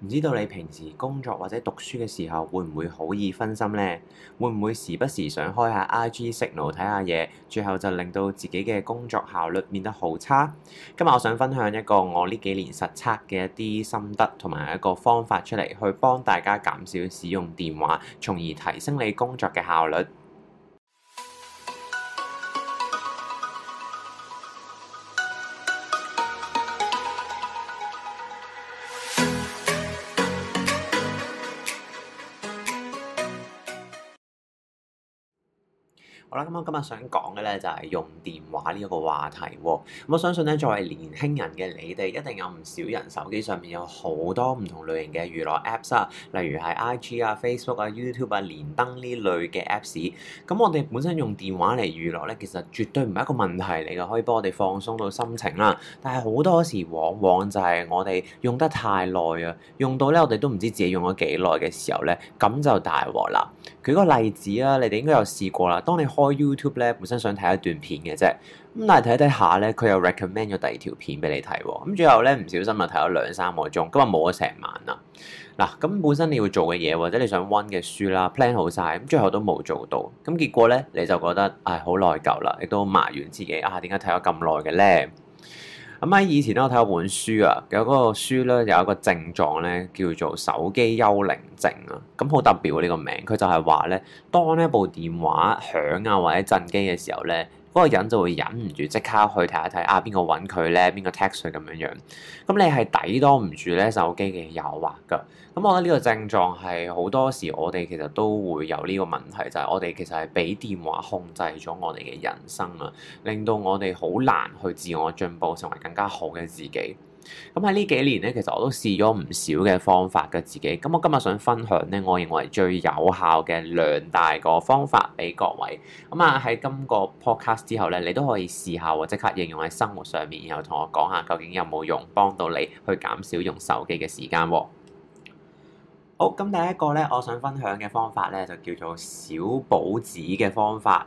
唔知道你平時工作或者讀書嘅時候，會唔會好易分心呢？會唔會時不時想開下 IG 食腦睇下嘢，最後就令到自己嘅工作效率變得好差？今日我想分享一個我呢幾年實測嘅一啲心得同埋一個方法出嚟，去幫大家減少使用電話，從而提升你工作嘅效率。好啦，咁我今日想講嘅咧就係用電話呢一個話題喎。咁我相信咧，作為年輕人嘅你哋，一定有唔少人手機上面有好多唔同類型嘅娛樂 Apps 啊，例如係 IG 啊、Facebook 啊、YouTube 啊、連登呢類嘅 Apps。咁我哋本身用電話嚟娛樂咧，其實絕對唔係一個問題嚟㗎，可以幫我哋放鬆到心情啦。但係好多時往往就係我哋用得太耐啊，用到咧我哋都唔知自己用咗幾耐嘅時候咧，咁就大禍啦。舉個例子啊，你哋應該有試過啦，當你開 YouTube 咧，本身想睇一段片嘅啫，咁但係睇睇下咧，佢又 recommend 咗第二條片俾你睇，咁最後咧唔小心就睇咗兩三個鐘，今日冇咗成晚啦。嗱，咁本身你要做嘅嘢或者你想溫嘅書啦，plan 好晒，咁最後都冇做到，咁結果咧你就覺得唉好內疚啦，亦都埋怨自己啊點解睇咗咁耐嘅咧？咁喺以前咧，我睇過一本書啊，有嗰個書咧，有一個，有一個症狀咧，叫做手機幽靈症啊，咁好特別呢個名。佢就係話咧，當咧一部電話響啊或者震機嘅時候咧。嗰個人就會忍唔住即刻去睇一睇啊，邊個揾佢咧？邊個 tax 稅咁樣樣？咁你係抵擋唔住咧手機嘅誘惑㗎？咁我覺得呢個症狀係好多時我哋其實都會有呢個問題，就係、是、我哋其實係俾電話控制咗我哋嘅人生啊，令到我哋好難去自我進步，成為更加好嘅自己。咁喺呢幾年咧，其實我都試咗唔少嘅方法嘅自己。咁我今日想分享咧，我認為最有效嘅兩大個方法俾各位。咁啊喺今個 podcast 之後咧，你都可以試下喎，即刻應用喺生活上面，然後同我講下究竟有冇用，幫到你去減少用手機嘅時間。好，咁第一個咧，我想分享嘅方法咧，就叫做小報紙嘅方法。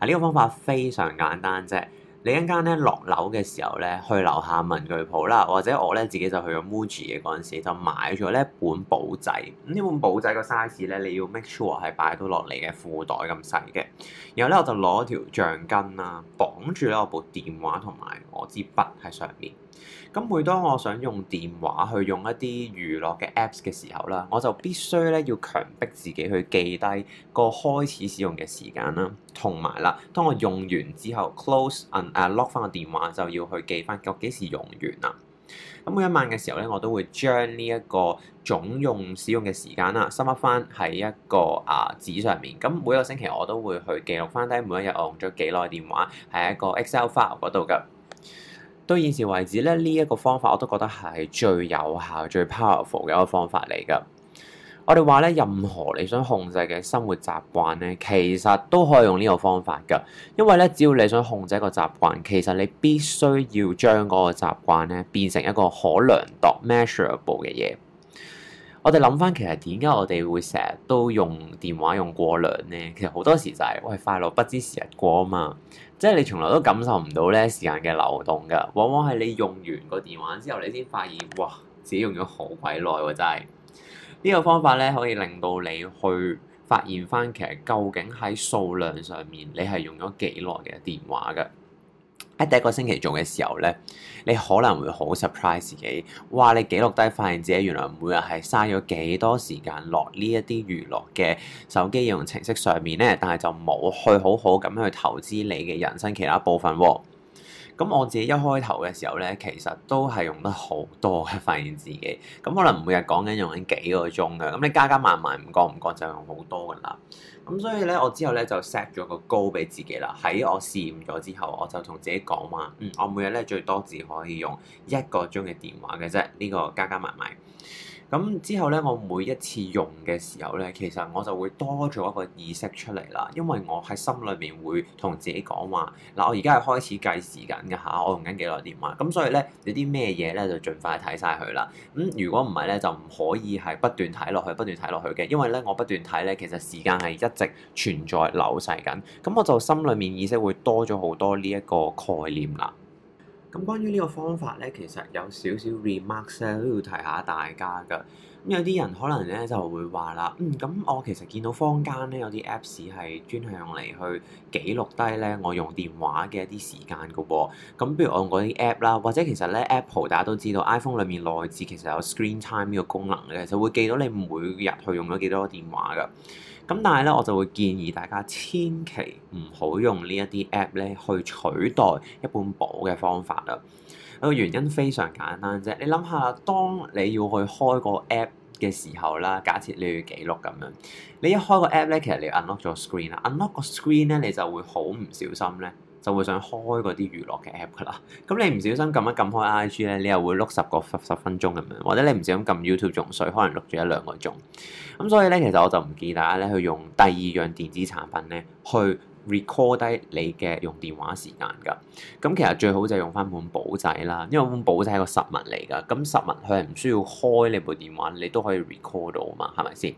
啊，呢個方法非常簡單啫。你一陣咧落樓嘅時候咧，去樓下文具鋪啦，或者我咧自己就去咗 MUJI 嘅嗰陣時，就買咗呢一本簿仔。咁呢本簿仔個 size 咧，你要 make sure 係擺到落嚟嘅褲袋咁細嘅。然後咧，我就攞條橡筋啦，綁住咧我部電話同埋我支筆喺上面。咁每當我想用電話去用一啲娛樂嘅 Apps 嘅時候啦，我就必須咧要強迫自己去記低個開始使用嘅時間啦，同埋啦，當我用完之後 close and、uh, lock 翻個電話就要去記翻個幾時用完啊。咁每一晚嘅時候咧，我都會將呢一個總用使用嘅時間啦，sum up 翻喺一個啊紙上面。咁每一個星期我都會去記錄翻低每一日我用咗幾耐電話，喺一個 Excel file 嗰度㗎。到現時為止咧，呢、這、一個方法我都覺得係最有效、最 powerful 嘅一個方法嚟噶。我哋話咧，任何你想控制嘅生活習慣咧，其實都可以用呢個方法噶。因為咧，只要你想控制一個習慣，其實你必須要將嗰個習慣咧變成一個可量度、measurable 嘅嘢。我哋諗翻，其實點解我哋會成日都用電話用過量咧？其實好多時就係、是，喂，快樂不知時日過啊嘛。即係你從來都感受唔到呢時間嘅流動㗎，往往係你用完個電話之後，你先發現，哇，自己用咗好鬼耐喎。真係呢個方法咧，可以令到你去發現返，其實究竟喺數量上面，你係用咗幾耐嘅電話㗎。喺第一個星期做嘅時候咧，你可能會好 surprise 自己，哇！你記錄低發現自己原來每日係嘥咗幾多時間落呢一啲娛樂嘅手機應用程式上面咧，但係就冇去好好咁樣去投資你嘅人生其他部分喎。咁我自己一開頭嘅時候咧，其實都係用得好多嘅，發現自己咁可能每日講緊用緊幾個鐘㗎，咁你加加埋埋唔覺唔覺就用好多㗎啦。咁所以咧，我之後咧就 set 咗個 goal 俾自己啦。喺我試驗咗之後，我就同自己講話，嗯，我每日咧最多只可以用一個鐘嘅電話嘅啫，呢個加加埋埋。咁之後咧，我每一次用嘅時候咧，其實我就會多咗一個意識出嚟啦，因為我喺心裏面會同自己講話，嗱，我而家係開始計時間嘅嚇，我用緊幾耐電話，咁所以咧有啲咩嘢咧就盡快睇晒佢啦。咁如果唔係咧，就唔可以係不斷睇落去，不斷睇落去嘅，因為咧我不斷睇咧，其實時間係一直存在流逝緊，咁我就心裏面意識會多咗好多呢一個概念啦。咁關於呢個方法咧，其實有少少 remark 咧都要提下大家噶。咁有啲人可能咧就會話啦，嗯，咁我其實見到坊間咧有啲 apps 係專係用嚟去記錄低咧我用電話嘅一啲時間噶。咁，譬如我用嗰啲 app 啦，或者其實咧 Apple 大家都知道 iPhone 裡面內置其實有 Screen Time 呢個功能嘅，就會記到你每日去用咗幾多個電話噶。咁但係咧，我就會建議大家千祈唔好用呢一啲 app 咧去取代一本簿嘅方法啦。個原因非常簡單啫，你諗下，當你要去開個 app 嘅時候啦，假設你要記錄咁樣，你一開個 app 咧，其實你 unlock 咗 screen 啊，unlock 個 screen 咧，你就會好唔小心咧。就會想開嗰啲娛樂嘅 app 噶啦，咁你唔小心撳一撳開 IG 咧，你又會碌十個十十分鐘咁樣，或者你唔小心撳 YouTube 仲衰，可能碌咗一兩個鐘。咁所以咧，其實我就唔建議大家咧去用第二樣電子產品咧去 record 低你嘅用電話時間㗎，咁其實最好就用翻本簿仔啦，因為本簿仔係個實物嚟㗎，咁實物佢係唔需要開你部電話，你都可以 record 到啊嘛，係咪先？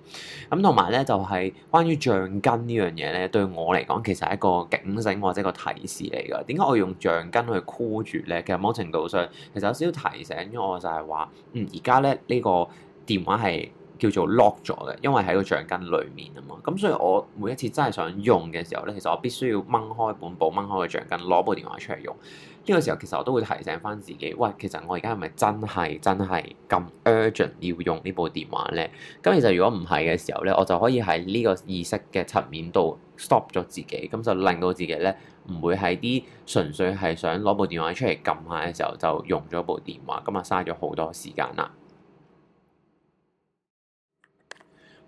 咁同埋咧就係、是、關於橡筋呢樣嘢咧，對我嚟講其實係一個警醒或者個提示嚟㗎。點解我用橡筋去箍住咧？其實某程度上其實有少少提醒咗我，就係話，嗯而家咧呢、呢個電話係。叫做 lock 咗嘅，因為喺個橡筋裏面啊嘛，咁所以我每一次真係想用嘅時候咧，其實我必須要掹開本簿，掹開個橡筋，攞部電話出嚟用。呢個時候其實我都會提醒翻自己，喂，其實我而家係咪真係真係咁 urgent 要用呢部電話咧？咁其實如果唔係嘅時候咧，我就可以喺呢個意識嘅層面度 stop 咗自己，咁就令到自己咧唔會喺啲純粹係想攞部電話出嚟撳下嘅時候就用咗部電話，咁啊嘥咗好多時間啦。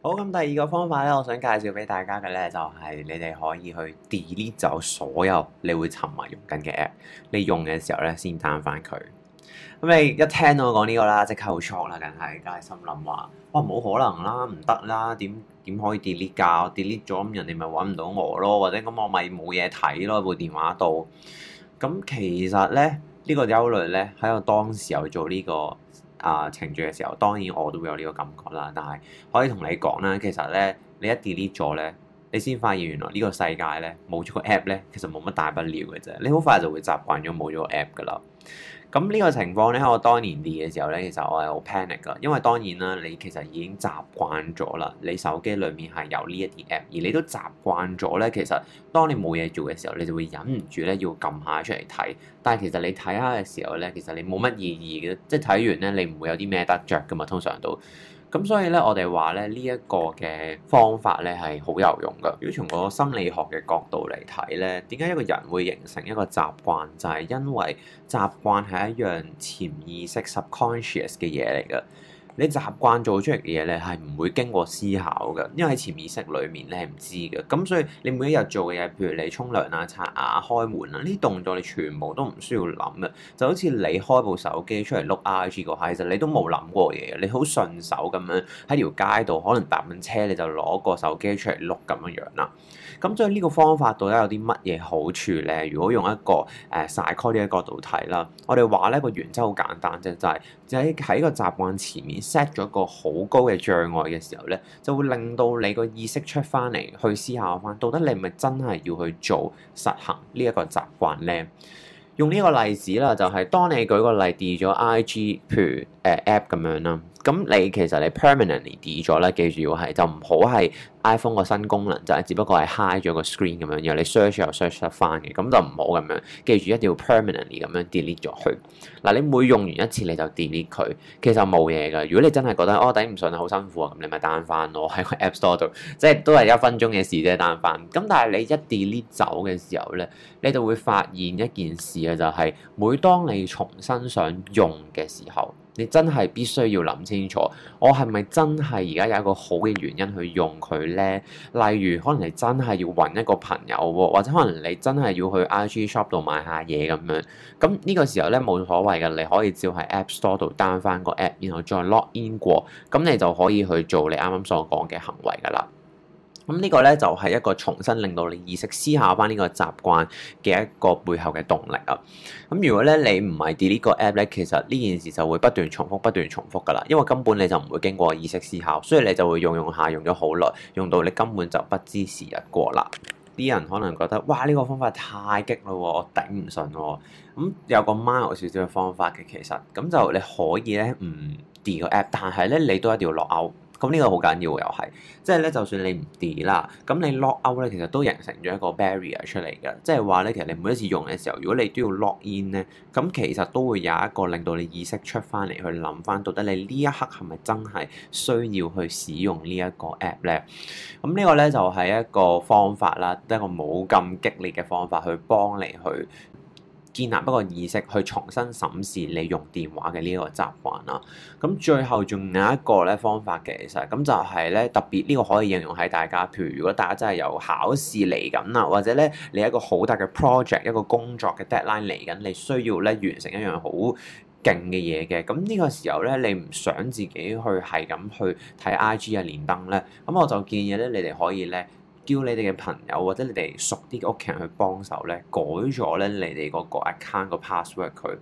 好咁，第二個方法咧，我想介紹俾大家嘅咧，就係、是、你哋可以去 delete 走所有你會沉迷用緊嘅 app，你用嘅時候咧先 down 返佢。咁你一聽到我講呢、這個啦，即刻好錯啦，梗係梗係心諗話，哇冇可能啦，唔得啦，點點可以 delete 噶？delete 咗咁人哋咪揾唔到我咯，或者咁我咪冇嘢睇咯，部電話度。咁其實咧呢、這個憂慮咧喺我當時有做呢、這個。啊！程序嘅時候，當然我都會有呢個感覺啦。但係可以同你講啦，其實咧，你一 delete 咗咧，你先發現原來呢個世界咧冇咗個 app 咧，其實冇乜大不了嘅啫。你好快就會習慣咗冇咗個 app 噶啦。咁呢個情況咧，我當年跌嘅時候咧，其實我係好 panic 噶，因為當然啦，你其實已經習慣咗啦，你手機裡面係有呢一啲 app，而你都習慣咗咧，其實當你冇嘢做嘅時候，你就會忍唔住咧要撳下出嚟睇。但係其實你睇下嘅時候咧，其實你冇乜意義嘅，即係睇完咧，你唔會有啲咩得着噶嘛，通常都。咁所以咧，我哋話咧，呢、這、一個嘅方法咧係好有用噶。如果從個心理學嘅角度嚟睇咧，點解一個人會形成一個習慣，就係、是、因為習慣係一樣潛意識 （subconscious） 嘅嘢嚟㗎。你習慣做出嚟嘅嘢你係唔會經過思考嘅，因為喺潛意識裡面你係唔知嘅。咁所以你每一日做嘅嘢，譬如你沖涼啦、刷牙、開門啦，呢啲動作你全部都唔需要諗嘅。就好似你開部手機出嚟碌 IG 嗰下，其實你都冇諗過嘢，你好順手咁樣喺條街度可能搭緊車，你就攞個手機出嚟碌咁樣樣啦。咁所以呢個方法到底有啲乜嘢好處咧？如果用一個誒 psychology 嘅角度睇啦，我哋話咧個原則好簡單啫，就係喺喺個習慣前面 set 咗個好高嘅障礙嘅時候咧，就會令到你個意識出翻嚟去思考翻，到底你係咪真係要去做實行習慣呢一個習慣咧？用呢個例子啦，就係、是、當你舉個例 delete 咗 IG，譬如誒、呃、app 咁樣啦。咁你其實你 permanently delete 咗咧，記住要係就唔好係 iPhone 個新功能，就係只不過係 hide 咗個 screen 咁樣，然後你 search 又 search 得翻嘅，咁就唔好咁樣。記住一定要 permanently 咁樣 delete 咗佢。嗱，你每用完一次你就 delete 佢，其實冇嘢㗎。如果你真係覺得哦頂唔順啊，好辛苦啊，咁你咪 down 翻咯喺個 App Store 度，即係都係一分鐘嘅事啫，down 翻。咁但係你一 delete 走嘅時候咧，你就會發現一件事啊，就係，就係每當你重新想用嘅時候。你真係必須要諗清楚，我係咪真係而家有一個好嘅原因去用佢呢？例如可能你真係要揾一個朋友喎，或者可能你真係要去 IG Shop 度買下嘢咁樣。咁呢個時候呢，冇所謂嘅，你可以照喺 App Store 度 down 翻個 App，然後再 log in 過，咁你就可以去做你啱啱所講嘅行為㗎啦。咁呢個咧就係一個重新令到你意識思考翻呢個習慣嘅一個背後嘅動力啊！咁如果咧你唔係 delete 個 app 咧，其實呢件事就會不斷重複、不斷重複噶啦，因為根本你就唔會經過意識思考，所以你就會用用下，用咗好耐，用到你根本就不知時日過啦。啲人可能覺得哇，呢、這個方法太激啦喎，我頂唔順喎。咁、嗯、有個 mild 少少嘅方法嘅，其實咁就你可以咧唔 delete 個 app，但係咧你都一定要落 out。咁呢個好緊要又係，即係咧，就算你唔跌啦，咁你 lock out 咧，其實都形成咗一個 barrier 出嚟嘅，即係話咧，其實你每一次用嘅時候，如果你都要 lock in 咧，咁其實都會有一個令到你意識出翻嚟去諗翻，到底你呢一刻係咪真係需要去使用呢一個 app 咧？咁呢個咧就係一個方法啦，一個冇咁激烈嘅方法去幫你去。建立一個意識去重新審視你用電話嘅呢個習慣啦。咁最後仲有一個咧方法嘅，其實咁就係咧特別呢個可以應用喺大家，譬如如果大家真係有考試嚟緊啦，或者咧你一個好大嘅 project、一個工作嘅 deadline 嚟緊，你需要咧完成一樣好勁嘅嘢嘅。咁呢個時候咧，你唔想自己去係咁去睇 IG 啊連登咧，咁我就建議咧你哋可以咧。叫你哋嘅朋友或者你哋熟啲嘅屋企人去幫手咧，改咗咧你哋個個 account 個 password 佢。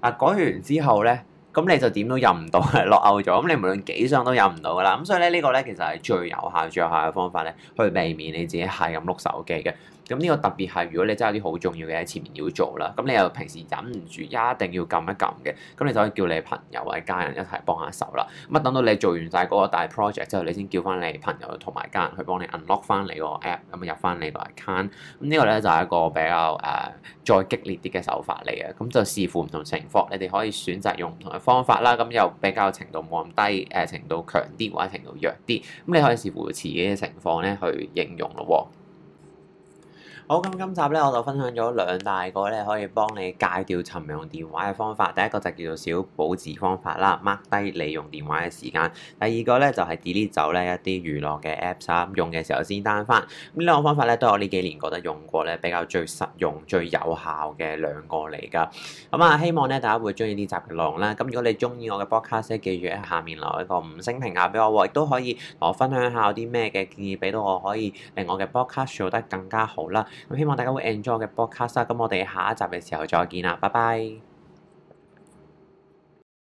啊改完之後咧，咁你就點都入唔到，落勾咗。咁你無論幾想都入唔到㗎喇。咁所以咧呢個咧其實係最有效、最有效嘅方法咧，去避免你自己係咁碌手機嘅。咁呢個特別係如果你真係有啲好重要嘅喺前面要做啦，咁你又平時忍唔住，一定要撳一撳嘅，咁你就可以叫你朋友或者家人一齊幫下手啦。咁啊等到你做完晒嗰個大 project 之後，你先叫翻你朋友同埋家人去幫你 unlock 翻你個 app，咁入翻你個 account。咁呢個咧就係一個比較誒、uh, 再激烈啲嘅手法嚟嘅。咁就視乎唔同情況，你哋可以選擇用唔同嘅方法啦。咁又比較程度冇咁低，誒、呃、程度強啲或者程度弱啲。咁你可以視乎自己嘅情況咧去應用咯。好咁，今集咧我就分享咗兩大個咧可以幫你戒掉沉迷用電話嘅方法。第一個就叫做少保持方法啦，mark 低你用電話嘅時間。第二個咧就係 delete 走咧一啲娛樂嘅 apps 啊，用嘅時候先 down 返。咁呢兩個方法咧都係我呢幾年覺得用過咧比較最實用、最有效嘅兩個嚟㗎。咁啊，希望咧大家會中意呢集嘅內容啦。咁如果你中意我嘅 podcast，記住喺下面留一個五星評價俾我，亦都可以同我分享下有啲咩嘅建議俾到我可以令我嘅 podcast 做得更加好啦。希望大家會 enjoy 我嘅 podcast 啦，咁我哋下一集嘅時候再見啦，拜拜。